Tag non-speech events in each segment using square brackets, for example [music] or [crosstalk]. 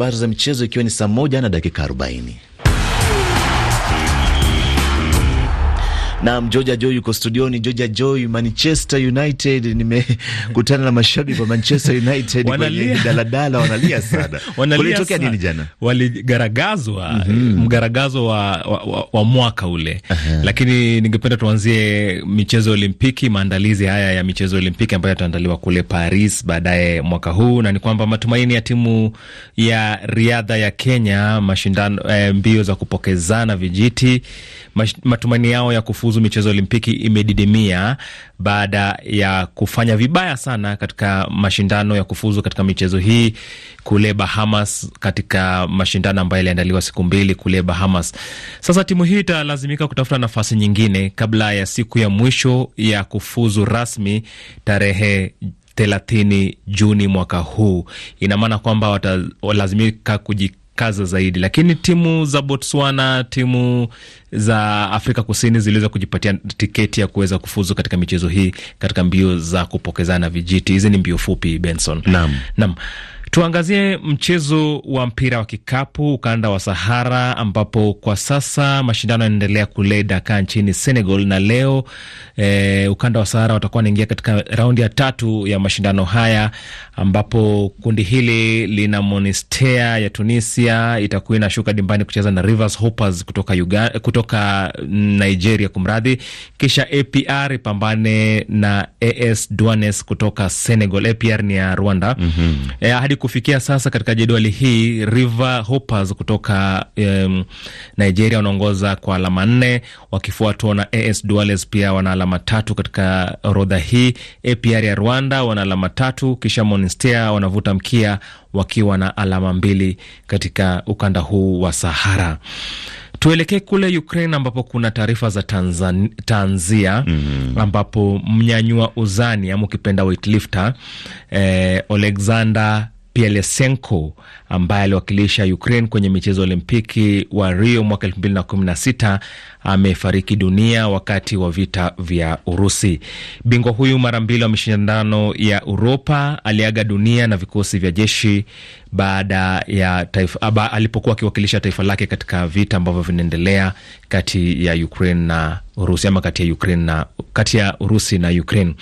habari za michezo, ikiwa ni saa moja na dakika arobaini. Naam, Georgia Joy yuko studioni. Georgia Joy, Manchester United, nimekutana na mashabiki wa Manchester United kwenye daladala, wanalia [laughs] sana. Kulitokea nini jana? Waligaragazwa mhm. mgaragazo wa, wa, wa, wa mwaka ule. Aha. Lakini ningependa tuanzie michezo Olimpiki, maandalizi haya ya michezo Olimpiki ambayo yataandaliwa kule Paris baadaye mwaka huu, na ni kwamba matumaini ya timu ya riadha ya Kenya mashindano, eh, mbio za kupokezana vijiti, matumaini yao ya kufu kufuzu michezo ya Olimpiki imedidimia baada ya kufanya vibaya sana katika mashindano ya kufuzu katika michezo hii kule Bahamas, katika mashindano ambayo yaliandaliwa siku mbili kule Bahamas. Sasa timu hii italazimika kutafuta nafasi nyingine kabla ya siku ya mwisho ya kufuzu rasmi tarehe 30 Juni mwaka huu. Ina maana kwamba watalazimika kujik wamejikaza zaidi, lakini timu za Botswana, timu za Afrika Kusini ziliweza kujipatia tiketi ya kuweza kufuzu katika michezo hii katika mbio za kupokezana vijiti. Hizi ni mbio fupi, Benson. Naam, naam. Tuangazie mchezo wa mpira wa kikapu ukanda wa Sahara, ambapo kwa sasa mashindano yanaendelea kule Dakar nchini Senegal, na leo e, ukanda wa Sahara watakuwa wanaingia katika raundi ya tatu ya mashindano haya, ambapo kundi hili lina Monistea ya Tunisia itakuwa inashuka dimbani kucheza na Rivers Hoopers kutoka, Uga, kutoka Nigeria kumradhi, kisha APR ipambane na AS Douanes kutoka Senegal. APR ni ya Rwanda. mm -hmm. E, hadi kufikia sasa katika jedwali hii, River Hoppers kutoka um, Nigeria wanaongoza kwa alama nne, wakifuatwa na AS Duales pia wana alama tatu katika orodha hii. APR ya Rwanda wana alama tatu, kisha Monastir wanavuta mkia wakiwa na alama mbili katika ukanda huu wa Sahara. Tuelekee kule Ukraine ambapo kuna taarifa za Tanzan, tanzia mm -hmm. ambapo mnyanyua uzani ama ukipenda weightlifter eh, Alexander Pielesenko ambaye aliwakilisha Ukraine kwenye michezo Olimpiki wa Rio mwaka elfu mbili na na kumi sita amefariki dunia wakati wa vita vya Urusi. Bingwa huyu mara mbili wa mashindano ya Uropa aliaga dunia na vikosi vya jeshi baada ya taifa, aba, alipokuwa akiwakilisha taifa lake katika vita ambavyo vinaendelea kati ya Ukraine na Urusi ama kati ya Ukraine na kati ya Urusi na Ukraine.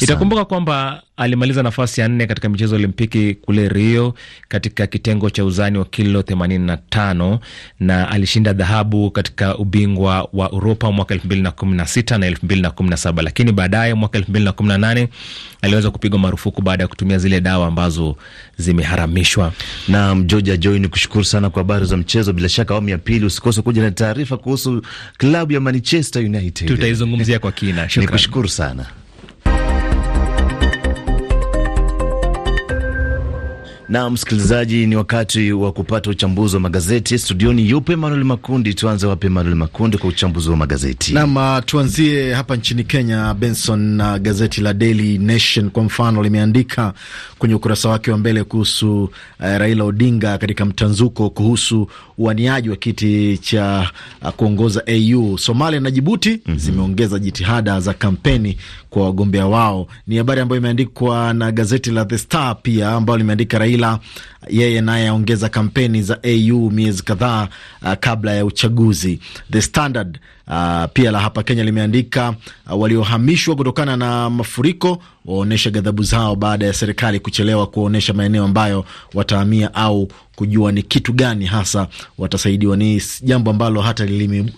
Itakumbuka kwamba alimaliza nafasi ya nne katika michezo Olimpiki kule Rio katika kitengo kitengo cha uzani wa kilo 85 na alishinda dhahabu katika ubingwa wa Uropa mwaka 2016 na 2017, lakini baadaye mwaka 2018 aliweza kupigwa marufuku baada ya kutumia zile dawa ambazo zimeharamishwa. na Mjoja Joy, ni kushukuru sana kwa habari za mchezo. Bila shaka awamu ya pili usikose kuja na taarifa kuhusu klabu ya Manchester United, tutaizungumzia kwa kina. Shukrani, nikushukuru sana. Na msikilizaji, ni wakati wa kupata uchambuzi wa magazeti. Studioni yupo Emmanuel Makundi. Tuanze wapi, Emmanuel Makundi, kwa uchambuzi wa magazeti? Naam, uh, tuanzie hapa nchini Kenya, Benson, na uh, gazeti la Daily Nation kwa mfano limeandika kwenye ukurasa wake wa mbele kuhusu uh, Raila Odinga katika mtanzuko kuhusu uaniaji wa kiti cha uh, kuongoza AU. Somalia na Jibuti mm -hmm. zimeongeza jitihada za kampeni kwa wagombea wao, ni habari ambayo imeandikwa na gazeti la The Star pia ambayo limeandika Raila Raila yeye naye aongeza kampeni za AU miezi kadhaa uh, kabla ya uchaguzi. The Standard uh, pia la hapa Kenya limeandika uh, waliohamishwa kutokana na mafuriko waonyesha ghadhabu zao baada ya serikali kuchelewa kuonyesha maeneo ambayo watahamia au kujua ni kitu gani hasa watasaidiwa. Ni jambo ambalo hata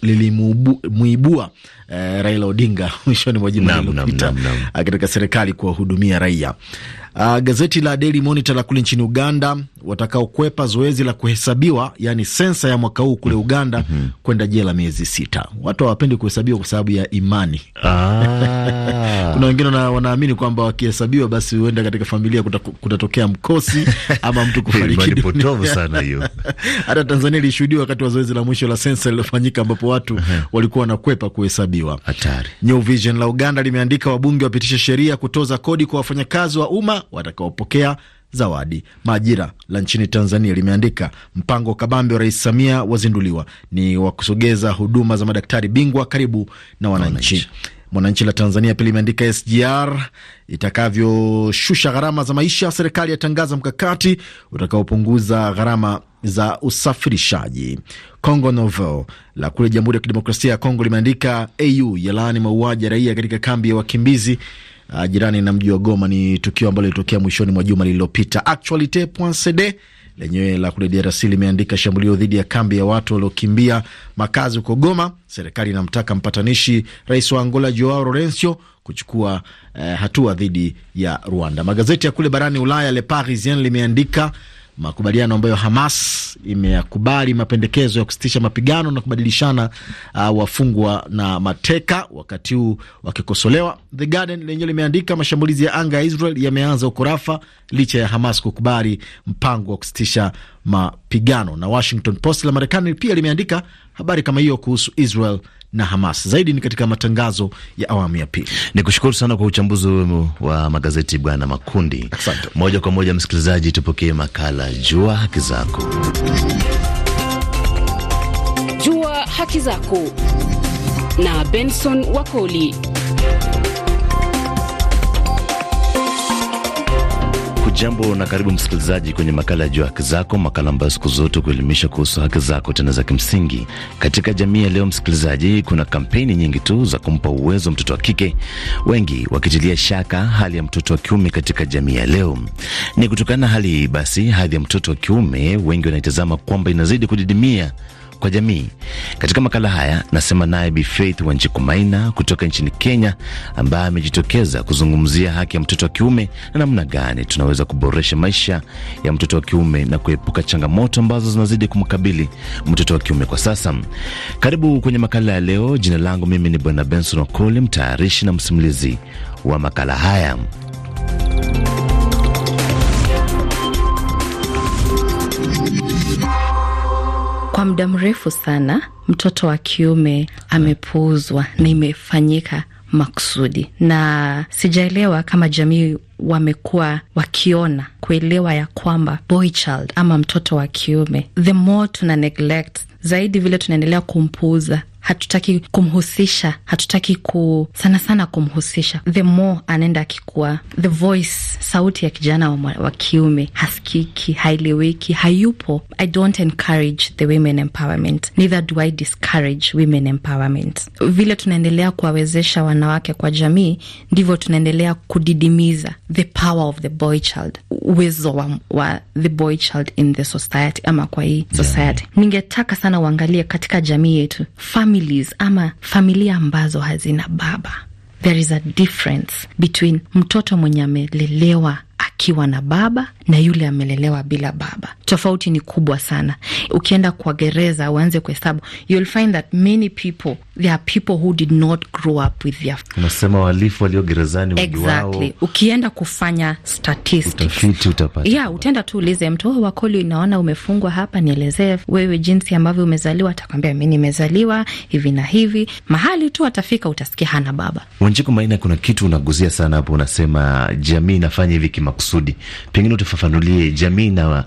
lilimuibua eh, uh, Raila Odinga [laughs] mwishoni mwa juma lililopita katika serikali kuwahudumia raia. Uh, gazeti la Daily Monitor la kule nchini Uganda watakaokwepa zoezi la kuhesabiwa, yani sensa ya mwaka huu kule Uganda mm -hmm. kwenda jela miezi sita. Watu hawapendi kuhesabiwa kwa sababu ya imani ah. [laughs] Kuna wengine wanaamini kwamba wakihesabiwa basi huenda katika familia kutatokea kuta mkosi [laughs] ama mtu kufariki potovu sana hiyo. [laughs] Hata Tanzania ilishuhudia wakati wa zoezi la mwisho la sensa lilofanyika, ambapo watu uh -huh. walikuwa wanakwepa kuhesabiwa. Hatari. New Vision la Uganda limeandika wabunge wapitishe sheria kutoza kodi kwa wafanyakazi wa umma watakaopokea zawadi. Majira la nchini Tanzania limeandika mpango kabambe wa Rais Samia wazinduliwa, ni wa kusogeza huduma za madaktari bingwa karibu na wananchi. Mwananchi la Tanzania pia limeandika SGR itakavyoshusha gharama za maisha, serikali yatangaza mkakati utakaopunguza gharama za usafirishaji. Congo Novel la kule Jamhuri ya Kidemokrasia ya Kongo limeandika AU yalaani mauaji ya raia katika kambi ya wakimbizi ah, jirani na mji wa Goma. Ni tukio ambalo lilitokea mwishoni mwa juma lililopita. Actualite.cd lenyewe la kule DRC limeandika shambulio dhidi ya kambi ya watu waliokimbia makazi huko Goma. Serikali inamtaka mpatanishi rais wa Angola Joao Lorencio kuchukua eh, hatua dhidi ya Rwanda. Magazeti ya kule barani Ulaya, Le Parisien limeandika makubaliano ambayo Hamas imeyakubali mapendekezo ya kusitisha mapigano na kubadilishana uh, wafungwa na mateka, wakati huu wakikosolewa. The Guardian lenyewe limeandika mashambulizi ya anga ya Israel yameanza huko Rafa licha ya Hamas kukubali mpango wa kusitisha mapigano. Na Washington Post la Marekani pia limeandika habari kama hiyo kuhusu Israel na Hamas. Zaidi ni katika matangazo ya awamu ya pili. Ni kushukuru sana kwa uchambuzi wa magazeti Bwana Makundi. Asante. Moja kwa moja, msikilizaji, tupokee makala Jua Haki Zako. Jua Haki Zako na Benson Wakoli. Hujambo na karibu msikilizaji kwenye makala ya Jua Haki Zako, makala ambayo siku zote kuelimisha kuhusu haki zako tena za kimsingi katika jamii ya leo. Msikilizaji, kuna kampeni nyingi tu za kumpa uwezo mtoto wa kike, wengi wakitilia shaka hali ya mtoto wa kiume katika jamii ya leo. Ni kutokana na hali hii basi, hadhi ya mtoto wa kiume wengi wanaitazama kwamba inazidi kudidimia kwa jamii. Katika makala haya nasema naye Bi Faith Wanjiku Maina kutoka nchini Kenya, ambaye amejitokeza kuzungumzia haki ya mtoto wa kiume na namna gani tunaweza kuboresha maisha ya mtoto wa kiume na kuepuka changamoto ambazo zinazidi kumkabili mtoto wa kiume kwa sasa. Karibu kwenye makala ya leo. Jina langu mimi ni Bwana Benson Okoli, mtayarishi na msimulizi wa makala haya. Kwa muda mrefu sana mtoto wa kiume amepuuzwa na imefanyika makusudi, na sijaelewa kama jamii wamekuwa wakiona kuelewa ya kwamba boy child ama mtoto wa kiume, the more tuna neglect zaidi vile tunaendelea kumpuuza hatutaki kumhusisha, hatutaki ku sana sana kumhusisha. The more anaenda akikuwa, the voice, sauti ya kijana wa, wa kiume hasikiki, haileweki, hayupo. I don't encourage the women empowerment, neither do I discourage women empowerment. Vile tunaendelea kuwawezesha wanawake kwa jamii, ndivyo tunaendelea kudidimiza the power of the boy child, uwezo wa, wa the boy child in the society ama kwa hii society. Yeah. Ningetaka sana uangalie katika jamii yetu family families ama familia ambazo hazina baba, there is a difference between mtoto mwenye amelelewa akiwa na baba na yule amelelewa bila baba. Tofauti ni kubwa sana. Ukienda kwa gereza uanze kuhesabu, you'll find that many people there are people who did not grow up with their... Unasema walifu walio gerezani wengi wao. Ukienda kufanya statistics. Utafiti utapata. Yeah, utaenda tu ulize mtu oh, wakoli, unaona umefungwa hapa, nielezee wewe jinsi ambavyo umezaliwa. Atakwambia mimi nimezaliwa hivi na hivi. Mahali tu atafika utasikia hana baba. Wanjiku Maina, kuna kitu unaguzia sana hapo, unasema jamii inafanya hivi kimakusudi. Pengine utufafanulie jamii na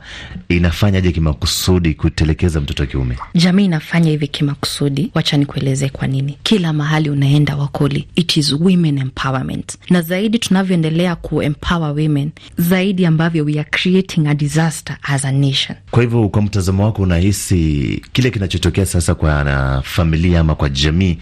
inafanyaje kimakusudi kutelekeza mtoto wa kiume? Jamii inafanya hivi kimakusudi. Wacha nikueleze kwa nini kila mahali unaenda Wakoli, it is women empowerment, na zaidi tunavyoendelea kuempower women zaidi ambavyo we are creating a disaster as a nation. Kwa hivyo kwa mtazamo wako unahisi kile kinachotokea sasa kwa familia ama kwa jamii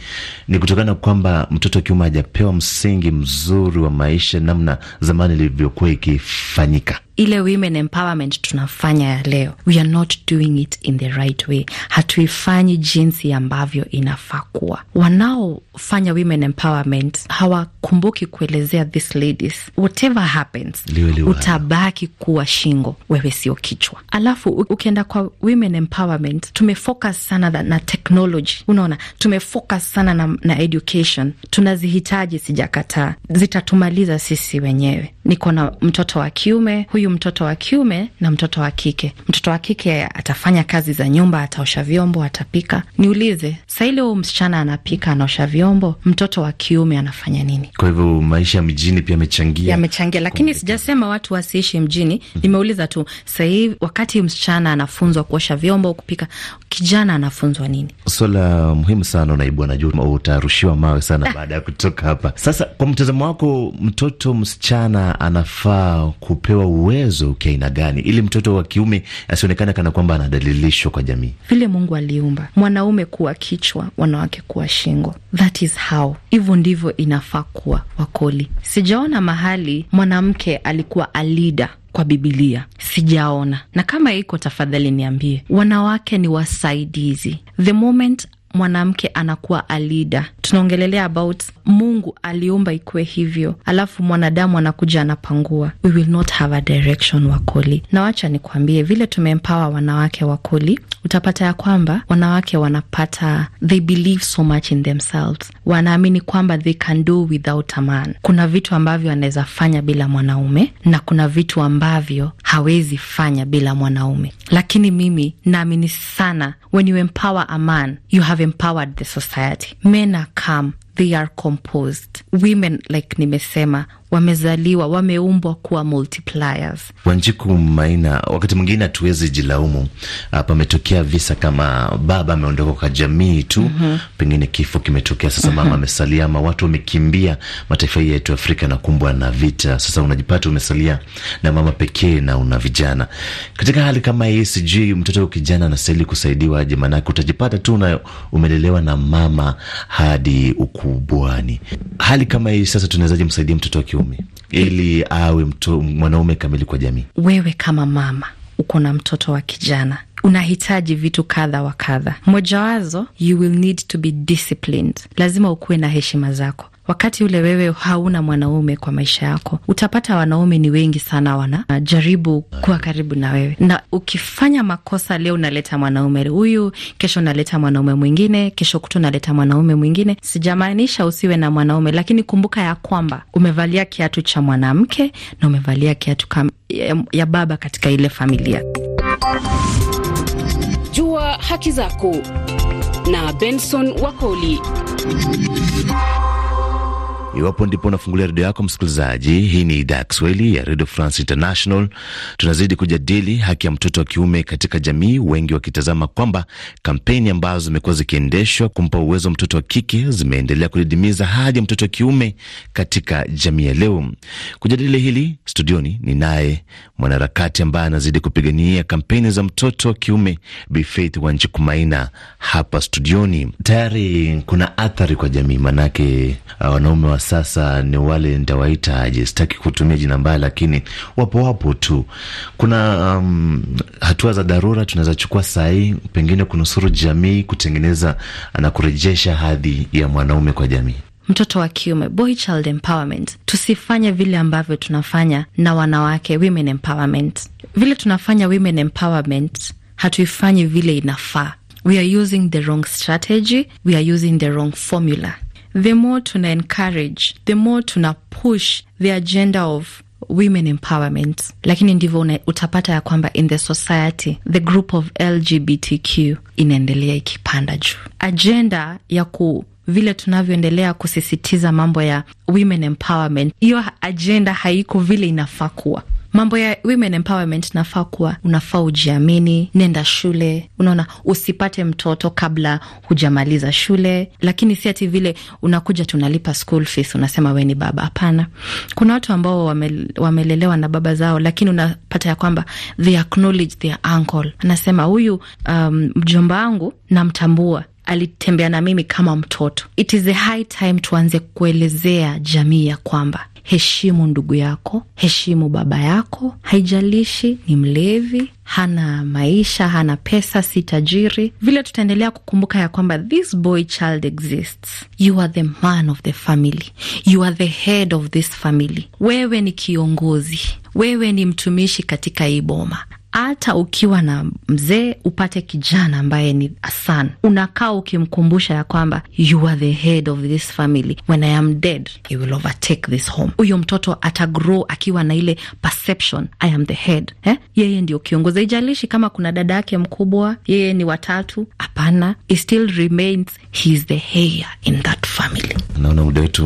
ni kutokana kwamba mtoto akiuma ajapewa hajapewa msingi mzuri wa maisha namna zamani ilivyokuwa ikifanyika? ile women empowerment tunafanya ya leo, we are not doing it in the right way. Hatuifanyi jinsi ambavyo inafaa kuwa. Wanaofanya women empowerment hawakumbuki kuelezea these ladies, whatever happens liwe liwe, utabaki kuwa shingo, wewe sio kichwa. Alafu ukienda kwa women empowerment, tumefocus sana na technology, unaona, tumefocus sana na, na education. Tunazihitaji, sijakataa, zitatumaliza sisi wenyewe niko na mtoto wa kiume, huyu mtoto wa kiume na mtoto wa kike. Mtoto wa kike atafanya kazi za nyumba, ataosha vyombo, atapika. Niulize saili, huu msichana anapika, anaosha vyombo, mtoto wa kiume anafanya nini? Kwa hivyo maisha mjini pia yamechangia, yamechangia, lakini sijasema watu wasiishi mjini. Mhm. Nimeuliza tu sahii, wakati msichana anafunzwa kuosha vyombo, kupika kijana anafunzwa nini? Swala muhimu sana. Naibu anajua utarushiwa mawe sana ah. baada ya kutoka hapa. Sasa, kwa mtazamo wako, mtoto msichana anafaa kupewa uwezo kiaina gani ili mtoto wa kiume asionekane kana kwamba anadalilishwa kwa jamii? Vile Mungu aliumba mwanaume kuwa kichwa, wanawake kuwa shingo. That is how, hivyo ndivyo inafaa kuwa. Wakoli, sijaona mahali mwanamke alikuwa alida kwa Bibilia sijaona, na kama iko tafadhali niambie. Wanawake ni wasaidizi. The moment mwanamke anakuwa a leader tunaongelelea about Mungu aliumba ikuwe hivyo, alafu mwanadamu anakuja anapangua. We will not have a direction, Wakoli. Na wacha nikwambie vile tumempawa wanawake Wakoli, utapata ya kwamba wanawake wanapata, they believe so much in themselves, wanaamini kwamba they can do without a man. Kuna vitu ambavyo anaweza fanya bila mwanaume na kuna vitu ambavyo hawezi fanya bila mwanaume, lakini mimi naamini sana when you empower a man, you have empowered the society. Men are คำ they are composed women like nimesema wamezaliwa wameumbwa kuwa multipliers. Wanjiku Maina, wakati mwingine hatuwezi jilaumu. Ah, pametokea visa kama baba ameondoka kwa jamii tu, mm -hmm. Pengine kifo kimetokea, sasa mama mhm. amesalia, ama watu wamekimbia mataifa yetu Afrika na na vita. Sasa unajipata umesalia na mama pekee na una vijana. Katika hali kama hii, sijui mtoto kijana anastahili kusaidiwa aje? Maanake utajipata tu na umelelewa na mama hadi uku kubwani. Hali kama hii sasa, tunawezaje msaidia mtoto wa kiume ili awe mto, mwanaume kamili kwa jamii? Wewe kama mama uko na mtoto wa kijana unahitaji vitu kadha wa kadha. Mojawazo, you will need to be disciplined. Lazima ukuwe na heshima zako wakati ule wewe hauna mwanaume kwa maisha yako, utapata wanaume ni wengi sana wanajaribu kuwa karibu na wewe, na ukifanya makosa leo unaleta mwanaume huyu, kesho unaleta mwanaume mwingine, kesho kuto unaleta mwanaume mwingine. Sijamaanisha usiwe na mwanaume, lakini kumbuka ya kwamba umevalia kiatu cha mwanamke na umevalia kiatu ya baba katika ile familia. Jua haki zako na Benson Wakoli. Iwapo ndipo unafungulia redio yako msikilizaji, hii ni idhaa ya Kiswahili ya Radio France International. Tunazidi kujadili haki ya mtoto wa kiume katika jamii, wengi wakitazama kwamba kampeni ambazo zimekuwa zikiendeshwa kumpa uwezo mtoto wa kike zimeendelea kudidimiza haja ya mtoto wa kiume katika jamii ya leo. Kujadili hili studioni ni naye mwanaharakati ambaye anazidi kupigania kampeni za mtoto wa kiume, Bi Faith hapa studioni. Tayari kuna athari kwa jamii, manake uh, wanaume sasa ni wale nitawaita aje, sitaki kutumia jina mbaya, lakini wapo wapo tu. Kuna um, hatua za dharura tunaweza chukua sahii, pengine kunusuru jamii, kutengeneza na kurejesha hadhi ya mwanaume kwa jamii mtoto wa kiume, boy child empowerment. Tusifanye vile ambavyo tunafanya na wanawake, women empowerment. Vile tunafanya women empowerment, hatuifanyi vile inafaa. We are using the wrong strategy, we are using the wrong formula the more tuna encourage, the more tuna push the agenda of women empowerment, lakini ndivyo utapata ya kwamba in the society the group of LGBTQ inaendelea ikipanda juu. Ajenda ya ku vile tunavyoendelea kusisitiza mambo ya women empowerment, hiyo ajenda haiko vile inafaa kuwa mambo ya women empowerment nafaa kuwa unafaa ujiamini, nenda shule. Unaona, usipate mtoto kabla hujamaliza shule, lakini si ati vile unakuja tunalipa school fees, unasema we ni baba. Hapana, kuna watu ambao wame, wamelelewa na baba zao, lakini unapata ya kwamba they acknowledge their uncle, anasema huyu um, wangu namtambua alitembea na mimi kama mtoto. It is a high time tuanze kuelezea jamii ya kwamba heshimu ndugu yako, heshimu baba yako, haijalishi ni mlevi hana maisha, hana pesa, si tajiri vile. Tutaendelea kukumbuka ya kwamba this boy child exists. You are the man of the family, you are the head of this family. Wewe ni kiongozi, wewe ni mtumishi katika hii boma hata ukiwa na mzee upate kijana ambaye ni asan, unakaa ukimkumbusha ya kwamba you are the head of this family, when I am dead will overtake this home. Huyo mtoto atagrow akiwa na ile perception I am the head eh? Yeye ndio kiongozi, ijalishi kama kuna dada yake mkubwa, yeye ni watatu, hapana, he still remains he is the heir in that family. Naona muda wetu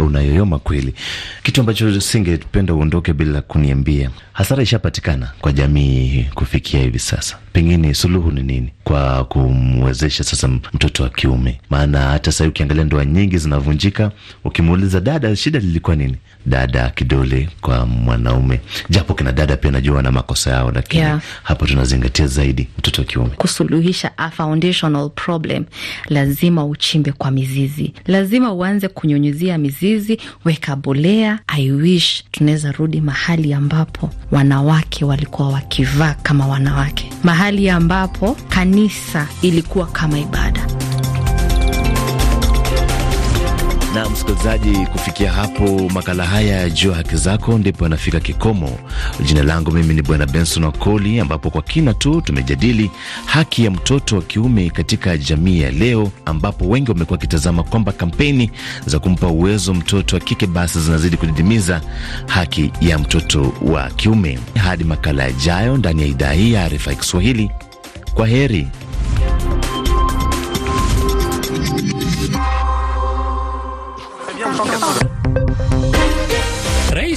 unayoyoma, una kweli, kitu ambacho singependa uondoke bila kuniambia, hasara ishapatikana kwa jamii kufikia hivi sasa, pengine suluhu ni nini kwa kumwezesha sasa mtoto wa kiume? Maana hata sahii ukiangalia ndoa nyingi zinavunjika, ukimuuliza dada, shida lilikuwa nini, dada kidole kwa mwanaume, japo kina dada pia najua wana makosa yao, lakini yeah, hapo tunazingatia zaidi mtoto wa kiume. Kusuluhisha a foundational problem, lazima uchimbe kwa mizizi, lazima uanze kunyunyuzia mizizi, weka bolea. I wish tunaweza rudi mahali ambapo wanawake walikuwa wakivaa kama wanawake, mahali ambapo kanisa ilikuwa kama ibada. Na msikilizaji, kufikia hapo makala haya ya Jua Haki Zako ndipo yanafika kikomo. Jina langu mimi ni Bwana Benson Wakoli, ambapo kwa kina tu tumejadili haki ya mtoto wa kiume katika jamii ya leo, ambapo wengi wamekuwa wakitazama kwamba kampeni za kumpa uwezo mtoto wa kike basi zinazidi kudidimiza haki ya mtoto wa kiume. Hadi makala yajayo ndani ya idhaa hii ya Arifa ya Kiswahili, kwa heri.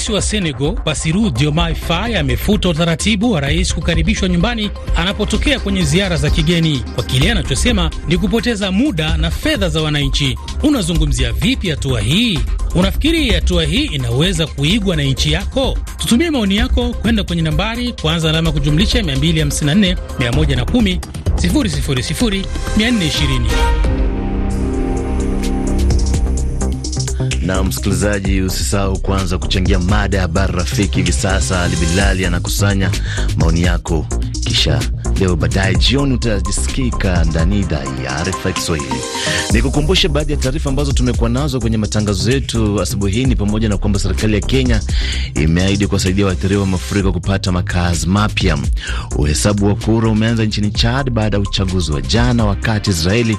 Rais wa Senegal Basiru Diomaye Faye amefuta utaratibu wa rais kukaribishwa nyumbani anapotokea kwenye ziara za kigeni kwa kile anachosema ni kupoteza muda na fedha za wananchi. Unazungumzia vipi hatua hii? Unafikiri hatua hii inaweza kuigwa na nchi yako? Tutumie maoni yako kwenda kwenye nambari kwanza alama kujumlisha 254 110 000 420. Na msikilizaji, usisahau kwanza kuchangia mada ya habari rafiki. Hivi sasa Ali Bilali anakusanya maoni yako kisha leo baadaye jioni utajisikika ndani idhaa ya RFI Kiswahili. Ni kukumbushe baadhi ya taarifa ambazo tumekuwa nazo kwenye matangazo yetu asubuhi hii, ni pamoja na kwamba serikali ya Kenya imeahidi kuwasaidia waathiriwa wa mafuriko kupata makazi mapya. Uhesabu wa kura umeanza nchini Chad baada ya uchaguzi wa jana, wakati Israeli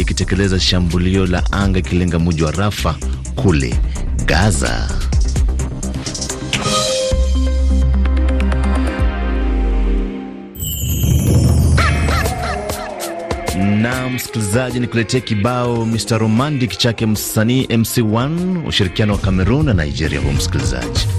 ikitekeleza shambulio la anga ikilenga muji wa Rafa kule Gaza. na msikilizaji, kuletea kibao Mr Romantic chake msanii MC1, ushirikiano wa Cameroon na Nigeria. huu msikilizaji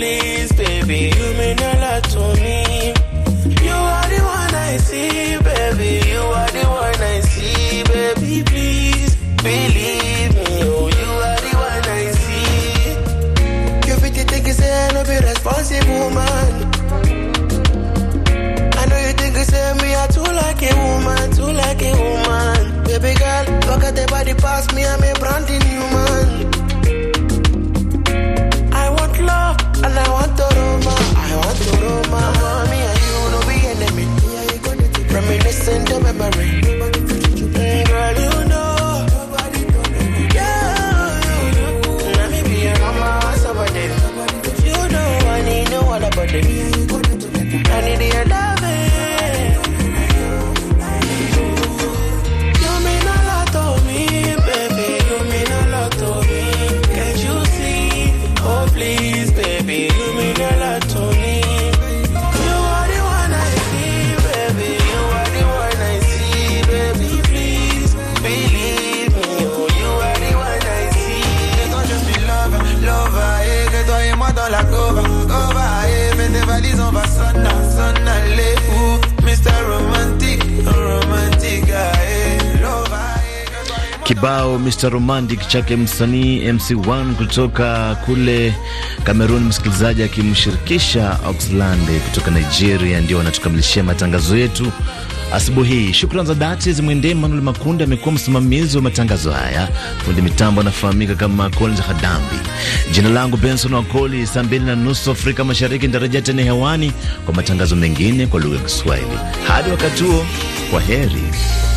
play. kibao Mr Romantic chake msanii MC1 kutoka kule cameroon msikilizaji akimshirikisha Oxland kutoka Nigeria. Ndio wanatukamilishia matangazo yetu asubuhi hii. Shukrani za dhati zimwendee Manuel Makunda, amekuwa msimamizi wa matangazo haya. Fundi mitambo anafahamika kama Collins Hadambi. Jina langu Benson Wakoli. Saa mbili na nusu Afrika Mashariki nitarejea tena hewani kwa matangazo mengine kwa lugha ya Kiswahili. Hadi wakati huo, kwa heri.